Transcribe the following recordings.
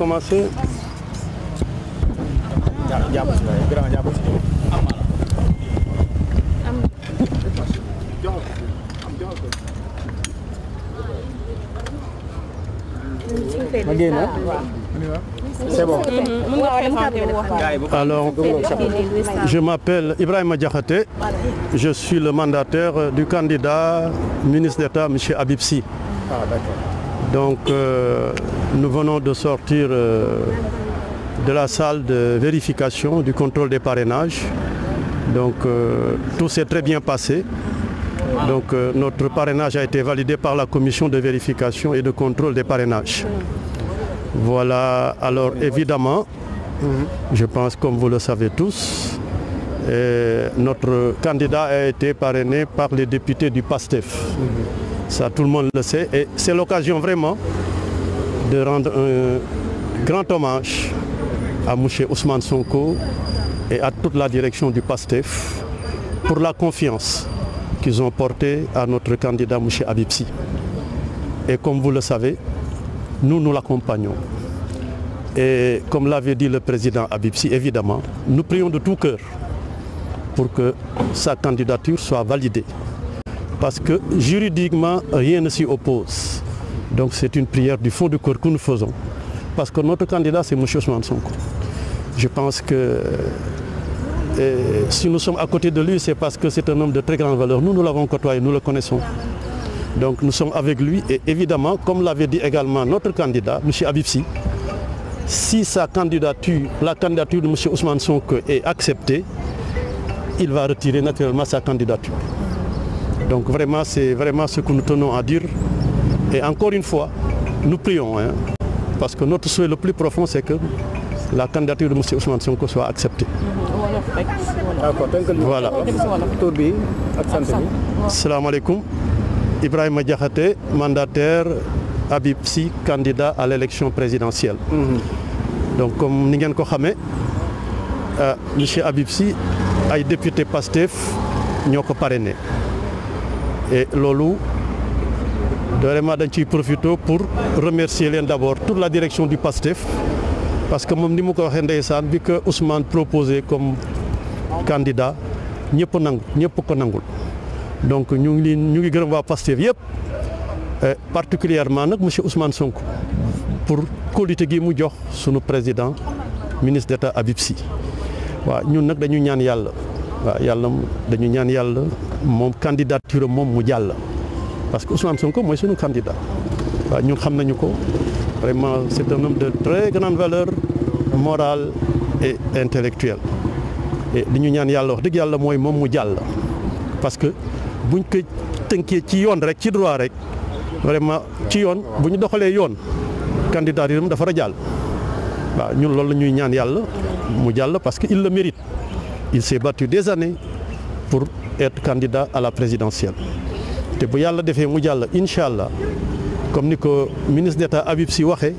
commencé. jàpp ah. je m'appelle Ibrahima Diakhaté. Je suis le mandataire du candidat ministre d'État, M. Habib Donc euh, nous venons de sortir euh, de la salle de vérification du contrôle des parrainages. Donc euh, tout s'est très bien passé. Donc euh, notre parrainage a été validé par la commission de vérification et de contrôle des parrainages. Voilà, alors évidemment, je pense comme vous le savez tous, euh, notre candidat a été parrainé par les députés du PASTEF. Ça, tout le monde le sait. Et c'est l'occasion vraiment de rendre un grand hommage à M. Ousmane Sonko et à toute la direction du PASTEF pour la confiance qu'ils ont portée à notre candidat M. Abipsi. Et comme vous le savez, nous, nous l'accompagnons. Et comme l'avait dit le président Abipsi, évidemment, nous prions de tout cœur pour que sa candidature soit validée. parce que juridiquement, rien ne s'y oppose. Donc c'est une prière du fond du corps que nous faisons. Parce que notre candidat, c'est M. Ousmane Sonko. Je pense que et, euh, si nous sommes à côté de lui, c'est parce que c'est un homme de très grande valeur. Nous, nous l'avons côtoyé, nous le connaissons. Donc nous sommes avec lui et évidemment, comme l'avait dit également notre candidat, M. Abibsi, si sa candidature, la candidature de M. Ousmane Sonko est acceptée, il va retirer naturellement Donc vraiment, c'est vraiment ce que nous tenons à dire. Et encore une fois, nous prions, hein, parce que notre souhait le plus profond, c'est que la candidature de M. Ousmane Sonko soit acceptée. voilà tur bi ak sant bi. salaamaaleykum Ibrahima Diakhaté mandataire Habib Sy candidat à l' élection présidentielle. donc comme ni ngeen ko xamee euh, monsieur Habib Sy ay député Pastef ñoo ko parrainé. et loolu vraiment dañ ciy profité pour remercier leen d' abord toute la direction du PASTEF parce que moom ni mu ko waxee ndeysaan bi que Ousmane proposé comme candidat ñëpp nangu ñëpp ko nangul donc ñu ngi leen ñu ngi gërëm waa PASTEF yëpp particulièrement nag monsieur Ousmane Sonko pour qualité gi mu jox sunu président ministre d' état Habib Sy ñun nag dañu ñaan yàlla waaw yàlla dañu ñaan yàlla. moom candidature moom mu jàll parce que Ousmane ko mooy suñu candidat waaw ñun xam nañu ko vraiment c' est un homme de très grande valeur morale et intellectuelle et li ñu ñaan yàlla wax dëgg yàlla mooy moom mu jàll parce que buñ ko tënkee ci yoon rek ci droit rek vraiment ci yoon bu ñu doxalee yoon candidature itam dafa war a jàll waaw ñun loolu la ñuy ñaan yàlla mu jàll parce que il le mérite il s' est des années pour être candidat à la présidentielle te bu yàlla defee mu jàlla incha allah comme ni ko ministre d'État Habib si waxee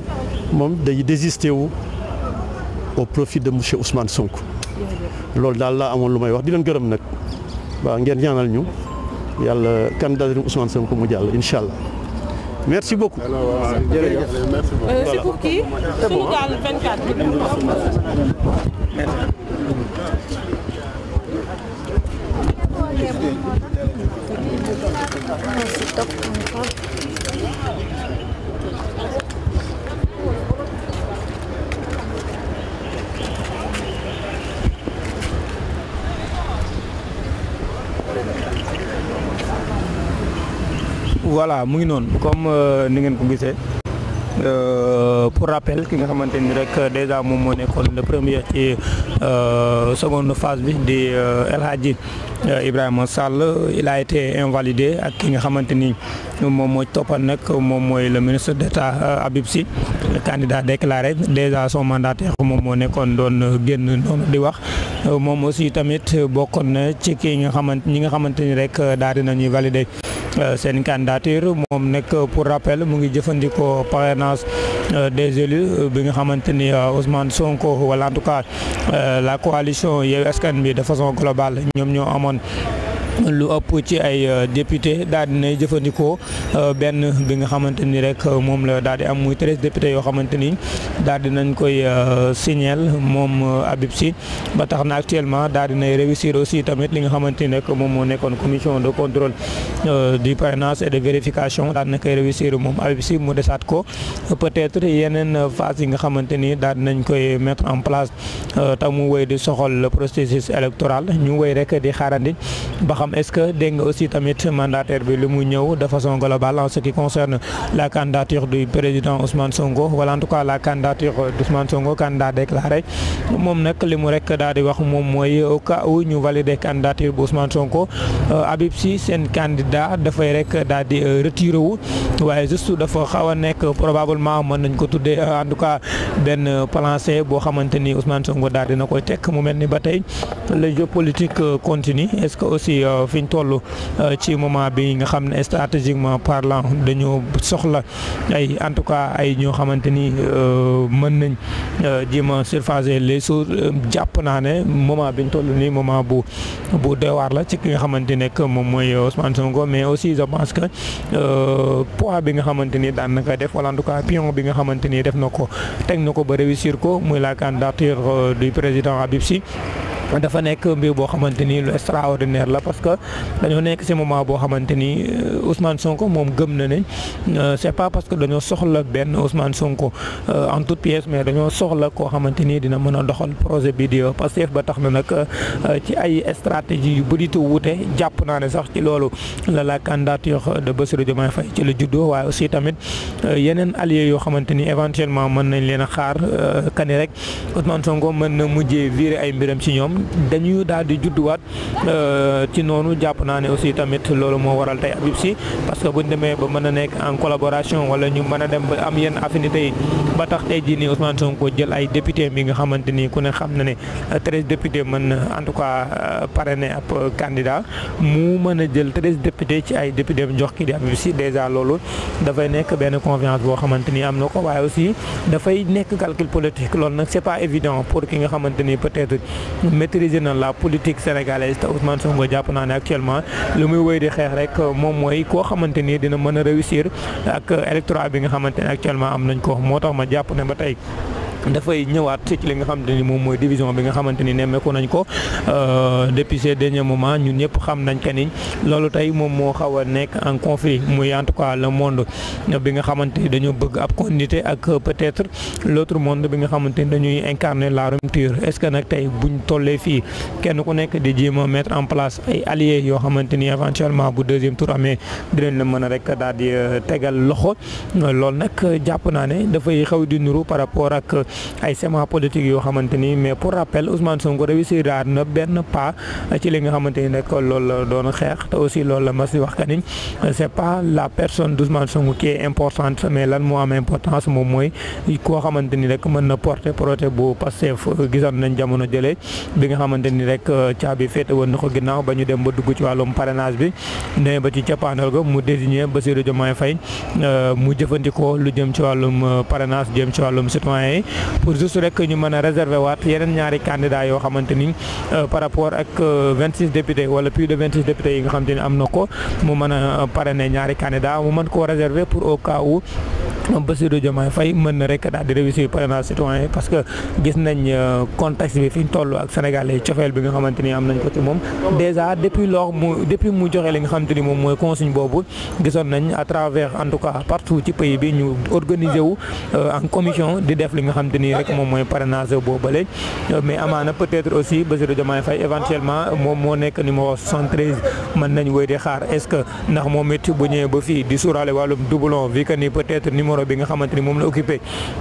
moom day désister wu au profit de monsieur Ousmane Sonko loolu daal laa amoon lu may wax di leen gërëm nag waaw ngeen ñaanal ñu yàlla candidature Ousmane Sonko mu jàll incha allah merci beaucoup. Euh, jërëjëf euh, c'est 맛있다 보니까 voilà mu ngi noonu comme euh, ni ngeen ko gisee Euh, pour rappel ki nga xamante ni rek déjà moom moo nekkoon le premier ci euh, seconde phase bi di euh, El Hadji Ibrahima Sall il a été invalidé ak ki nga xamante ni moom mooy toppan nag moom mooy le ministre d'État Habib Sy candidat déclaré déjà son mandataire moom moo nekkoon doon génn doon di wax moom aussi tamit bokkoon na ci ki nga xamante ñi nga xamante ni rek daal dinañuy valider Euh, seen candidature moom nag pour rappel mu ngi jëfandikoo parrainage euh, des élus euh, bi nga xamante ni Ousmane Sonko wala en tout cas la coalition Yewwi Askan Wi de façon globale ñoom ñoo amoon. lu ëpp ci ay euh, député daal dinay jëfandikoo euh, benn bi nga xamante ni rek euh, moom la daal di am muy treize député yoo xamante ni daal nañ koy signel moom Habib Sy ba tax na actuellement daal dinay réussir aussi tamit li nga xamante ni rek moom moo nekkoon commission de contrôle du parrainage et de vérification daal dina koy réussir moom Habib Sy mu desaat ko peut-être yeneen phase yi nga xamante ni daal nañ koy mettre en place te mu wéy di soxal le processus électoral ñu rek di xaarandi xam est-ce que dégg nga aussi tamit mandataire bi lu mu ñëw de façon globale en ce concerne la candidature du président Ousmane Sonko wala en tout cas rek daal di wax moom mooy au cas où ñu valider candidature bu Ousmane Sonko euh, Habib Sy seen candidat dafay rek daal di euh, wu waaye juste dafa xaw a nekk probablement mën nañ ko tuddee euh, en tout cas benn plan boo xamante ni Ousmane Sonko daal dina koy tekk mu mel ni ba tey le continue est-ce que aussi Euh, fi ñu toll euh, ci moment bi nga xam ne stratégiquement parlant dañoo soxla ay en tout cas ay ñoo xamante ni euh, mën nañ jéem a surfacer les choses jàpp naa ne moment bi ñu toll nii moment bu bu doy la ci ki nga xamante ne que moom mooy Ousmane Sonko mais aussi je pense que poids bi nga xamante ni daan na ko def wala en tout cas pion bi nga xamante ni def na ko teg na ko ba réussir ko muy la candidature du président Habib Sy dafa nekk mbir boo xamante ni lu extraordinaire la parce que dañoo nekk ci moment boo xamante ni euh, Ousmane Sonko moom gëm na ne euh, c'est pas parce que dañoo soxla benn Ousmane Sonko euh, en toute pièce mais dañoo soxla koo xamante ni dina mën a doxal projet bi di Pastef ba tax na nag ci ay stratégie yu bëri te wuute jàpp naa ne sax ci loolu la la candidature de Bassirou Diomaye Faye ci la juddoo waaye aussi tamit yeneen alliés yoo xamante ni éventuellement mën nañ leen a xaar kani rek Ousmane Sonko mën na mujjee virer ay ci ñoom. dañuy daal di judduwaat euh, ci noonu jàpp naa ne aussi tamit loolu moo waral tey Habib Sy parce que buñ demee ba mën a nekk en collaboration wala ñu mën a dem ba am yenn affinité yi ba tax tey jii nii Ousmane jël ay député mi nga xamante ni ku ne xam na ne treize député mën na en tout cas euh, parrainer ab candidat mu mën a jël treize député ci ay député mu jox kii di Habib dèjà loolu dafay nekk benn confiance boo xamante ni am na ko waaye aussi dafay nekk calcul politique loolu nag c'est pas évident pour ki nga xamante ni peut-être maîtriser na la politique sénégalaise te Ousmane Sonko jàpp naane ne actuellement lu muy wéy di xeex rek moom mooy koo xamante ni dina mën a réussir ak électorat bi nga xamante ne actuellement am nañ ko moo tax ma jàpp ne ba tey. dafay ñëwaat ci li nga xamante ni moom mooy division bi nga xamante ni nemmeeku nañ ko euh, depuis ces derniers moments ñun ñëpp xam nañ que ni loolu tey moom moo xaw a nekk en conflit muy en tout cas le monde bi nga xamante dañoo bëgg ab continuité ak peut-être l'autre monde bi nga xamante ni dañuy incarner la rupture est-ce que nag tey buñ tollee fii kenn ku nekk di jéem a en place ay alliés yoo xamante ni éventuellement bu deuxième tour amee dinañ la mën a rek daal di euh, tegal loxo euh, loolu nag jàpp naa ne dafay xaw di nuru par rapport ak. ay semence politique yoo xamante ni mais pour rappel Ousmane Sonko réussir daal na benn pas ci li nga xamante ni nag loolu la doon xeex aussi loolu la ma si wax que ni c'est pas la personne d'Ousmane Sonko qui est importante mais lan moo am importance moom mooy koo xamante ni rek mën na porter projet bu Pastef gisoon nañ jamono jëlee bi nga xamante ni rek euh, caabi féete woon na ko ginnaaw ba ñu dem ba dugg ci wàllum parrainage bi ne ba ci cappaandal ga mu ba désigné Bassirou Diomaye Faye euh, mu jëfandikoo lu jëm ci wàllum euh, parrainage jëm ci wàllum citoyen yi pour juste rek ñu mën a réserver waat yeneen ñaari candidat yoo xamante ni euh, par rapport ak 26 euh, députés wala plus de 26 députés yi nga xamante ni am na ko mu mën a euh, ne ñaari candidat mu mën koo réserver pour au cas où moom Bassirou Diomaye Faye mën na rek daal di réussir parrainage citoyen parce que gis nañ euh, contexte bi fi ñu ak Sénégal yi cofeel bi nga xamante am nañ ko ci moom déjà depuis lors mu depuis mu joxe li nga xamante moom mooy consigne boobu gisoon nañ à travers en tout cas partout ci pays bi ñu organiser euh, en commission di def li nga xamante ni rek moom mooy parrainage boobale mais amaana peut-être aussi Bassirou Diomaye Faye éventuellement moom moo nekk ni numéro bi nga xamante moom la occupé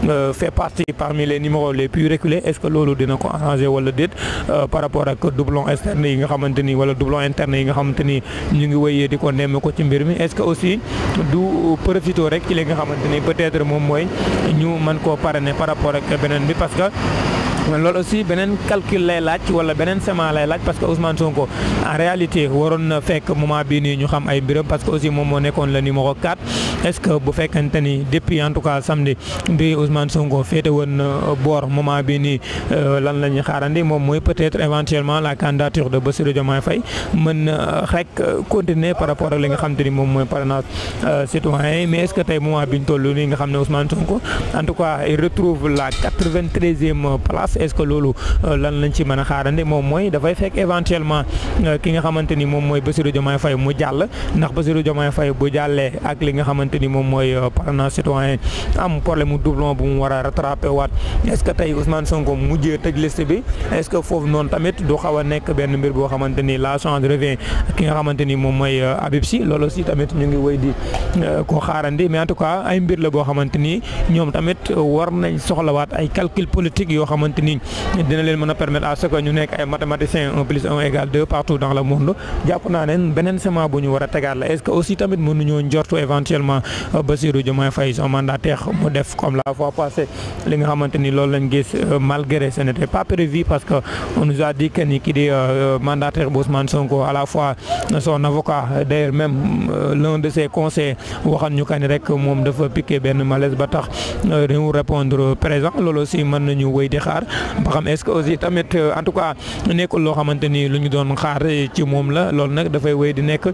euh, fait partie parmi les numéros les plus reculés est-ce que loolu dina ko arrangé wala déet euh, par rapport ak doublon externe yi nga xamante wala doublon interne yi nga xamante ñu ngi wéyee di ko nemm ko ci mbir mi est-ce que aussi du profito rek ci li nga xamante peut-être moom mooy ñu mën koo parrainer par rapport ak beneen bi parce que loolu aussi beneen calcul lay laaj wala beneen sement lay laaj parce que Ousmane Sonko en réalité waroon na fekk moment bii nii ñu xam ay mbiram parce que aussi moom moo nekkoon la numéro 4 est-ce que bu fekkente ni depuis en tout cas samedi bi Ousmane Sonko euh, boor moment bii nii euh, lan la xaarandi moom mooy peut-être éventuellement la candidature de Bassirou Diomaye Faye mën euh, rek continuer par rapport ak li nga xam te ni moom mooy parrainage est-ce que loolu euh, lan lañ ci mën a xaarandi moom mooy dafay fekk éventuellement euh, ki nga xamante ni moom mooy Bassirou Diomaye fay mu jàll ndax Bassirou Diomaye fay bu jàllee ak li nga xamante ni moom mooy euh, parrainage citoyen am problème mu doublon bu mu war a rattrapé waat est-ce que tey Ousmane Sonko mujjee tëj liste bi est-ce que foofu noonu tamit du xaw a nekk benn mbir boo xamante ni la chance revient ki nga xamante ni moom mooy Habib Sy loolu aussi tamit ñu ngi wéy di ko xaarandi mais en tout cas mbir la boo xamante ni ñoom tamit war nañ soxlawaat ay calcul politique yoo xamante ni nii dina leen mën a permettre a ce que ñu nekk ay mathématiciens un plus un égal deux partout dans le monde jàpp naa ne beneen semence bu ñu war a tegaat la est-ce que aussi tamit mënuñoo njortu éventuellement euh, Bassirou Diomaye Faye son mandataire mu def comme la fois passée li nga xamante ni loolu lañ gis euh, malgré ce pas prévu parce que nous a dit ni kii di euh, mandataire Ousmane Sonko à la fois son avocat d'ailleurs même l'un de ses conseillers waxan ñu kan rek moom dafa ba xam est-ce que aussi tamit euh, en tout cas nekkul loo xamante ni lu ñu doon xaar ci moom la loolu nag dafay wéy di nekk.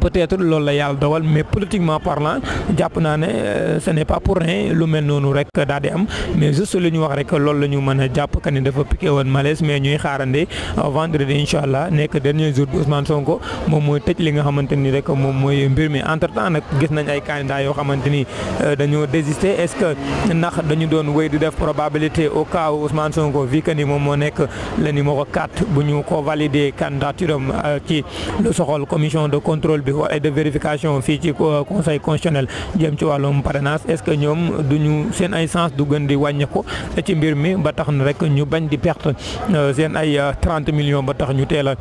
peut-être loolu la yàlla dogal mais politiquement parlant jàpp naa ne euh, ce n'est pas pour rien lu mel noonu rek daal am mais juste lu ñu wax rek loolu la ñu mën a jàpp que ni dafa piqué woon malaise mais ñuy xaarandi euh, vendredi incha allah nekk dernier jour bi Ousmane Sonko moom mooy tëj li nga xamante ni rek moom mooy mbir mi entre temps nag gis nañ ay candidats yoo xamante ni euh, dañoo désister est-ce que ndax dañu doon wéy di def probabilité au cas où Ousmane Sonko vu que ni moom moo nekk le numéro 4 bu ko valider candidature am ci lu soxal contrôle bi wala de vérification fii ci euh, conseil constitutionnel jëm ci wàllum parrainage est-ce que ñoom seen ay sens du gën di wàññeeku ci ba tax ñu bañ euh, seen ay 30 euh, millions ba tax ñu teel a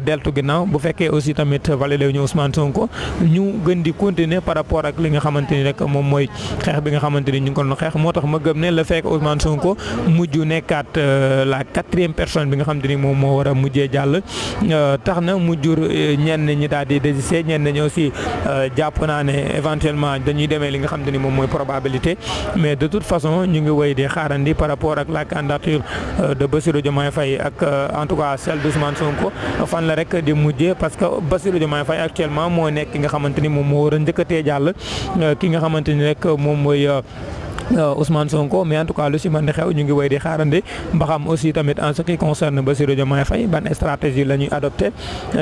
deltu ginnaaw bu fekkee aussi tamit validé ñu Ousmane Sonko ñu gën di continuer par rapport ak li nga xamante ni rek moom mooy xeex bi nga xamante ni ñu ngi ko doon xeex moo tax ma gëm ne la fekk Ousmane Sonko mujj nekkaat la quatrième personne bi nga xamante ni moom moo war a mujjee jàll tax résister ñenn ñi aussi euh, jàpp naa ne éventuellement dañuy demee li nga xam ni moom mooy probabilité mais de toute façon ñu ngi woy di xaarandi par rapport ak la candidature euh, de Bassirou Diomaye Faye ak euh, en tout cas celle d'Ousmane Sonko fan la rek di mujjee parce que Bassirou Diomaye Faye actuellement moo nekk ki nga xamante ni moom moo war a njëkkatee jàll ki nga xamante ni rek moom mooy Euh, Ousmane Sonko mais en tout cas lu si mën di xew ñu ngi wéy di xaarandi ba xam aussi tamit en ce qui concerne Bassirou Diomaye Faye ban stratégie la ñuy adopté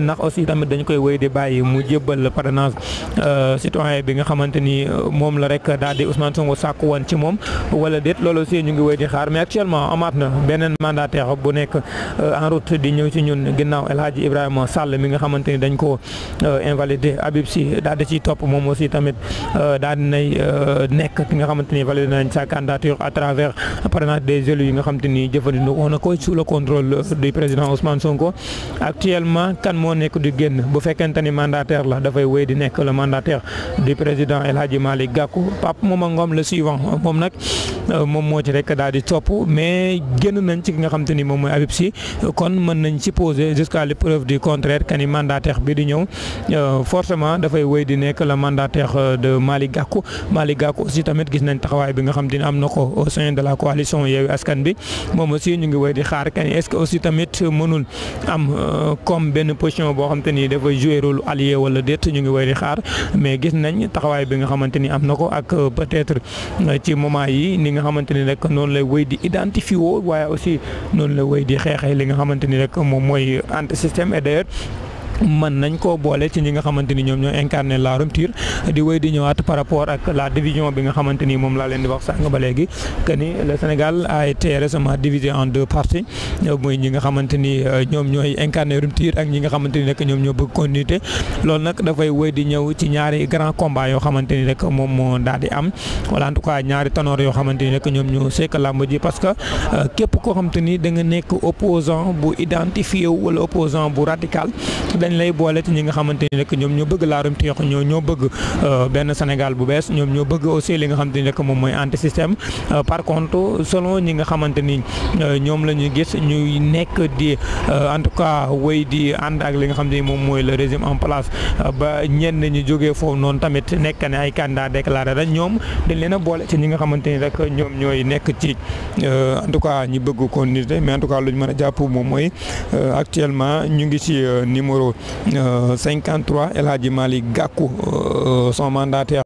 ndax aussi tamit dañ koy wéy di bàyyi mu jébbal parrainage euh, citoyen bi nga xamante ni euh, moom la rek daal di Ousmane Sonko sàkku woon ci moom wala déet loolu aussi ñu ngi wéy di xaar mais actuellement amaat na beneen mandataire bu nekk en route di ñëw ci ñun ginnaaw El Hadji Ibrahima Sall mi nga xamante ni dañ ko invalidé Habib si daal di ciy topp moom aussi tamit daal di nay nekk ki nga nañ sa candidature a travers parrainage des élus yi nga xam te ni jëfandikoo na ko sous le contrôle du président Ousmane Sonko actuellement kan moo nekk di génn bu fekkente ni mandataire la dafay wéy di nekk le mandataire euh, ni moom mooy Habib Sy kon mën nañ supposer jusqu'à l'épreuve du contraire que ni mandataire bi di ñëw euh, forcément dafay wéy di euh, de Malick Gakou Malick Gakou aussi tamit gis nañ taxawaay bi nga xam dina am na ko au sein de la coalition Yewwi Askan bi moom aussi ñu ngi woy di xaar kañ est-ce que aussi tamit mënul am euh, comme benn position boo xam te ni dafa jouer rôle allié wala ñu ngi woy di xaar mais gis nañ taxawaay bi nga xamante ni am na ko ak euh, peut-être euh, ci moment yi ni nga xamante ni rek noonu lay woy di identifier woo waaye aussi noonu lay woy di xeexee li nga xamante ni rek moom mooy anti système et d'ailleurs mën nañ ko boole ci ñi nga xamante ni ñoom ñoo incarné la rupture di wéy di ñëwaat par rapport ak la division bi nga xamante ni moom laa leen di wax sànq ba léegi que ni le Sénégal a été récemment divisé en deux parties ñi nga xamante ni euh, ñoom ñooy incarné rupture ak ñi nga xamante ni rek ñoom ñoo bëgg continuité loolu nag dafay woy di ñëw ci ñaari grand combat yoo xamante ni rek moom moo daal di am wala en tout cas ñaari tanoor yoo xamante ni rek ñoom ñoo sekk làmb ji parce que euh, képp koo xamante ni da nga nekk opposant bu identifié wala opposant bu radical dañ lay boole ci ñi nga xamante ni rek ñoom ñoo bëgg laarum tiyoox ñoo ñoo bëgg euh, benn Sénégal bu bees ñoom ñoo bëgg aussi li nga xamante ni rek moom mooy anti euh, par contre selon ñi nga xamante ni euh, ñoom la ñuy gis ñuy nekk di en tout cas wéy di ànd ak li nga xam ne moom mooy le régime en place ba ñenn ñu jógee foofu noonu tamit nekk ne ay kandaa déclaré rek ñoom dañ leen a boole ci ñi nga xamante ni rek ñoom ñooy nekk ci en tout cas ñi bëgg continuité mais en tout cas lu ñu mën a jàpp moom mooy actuellement ñu ngi ci numéro 53 euh, El Hadji Malick Gakou euh, son mandataire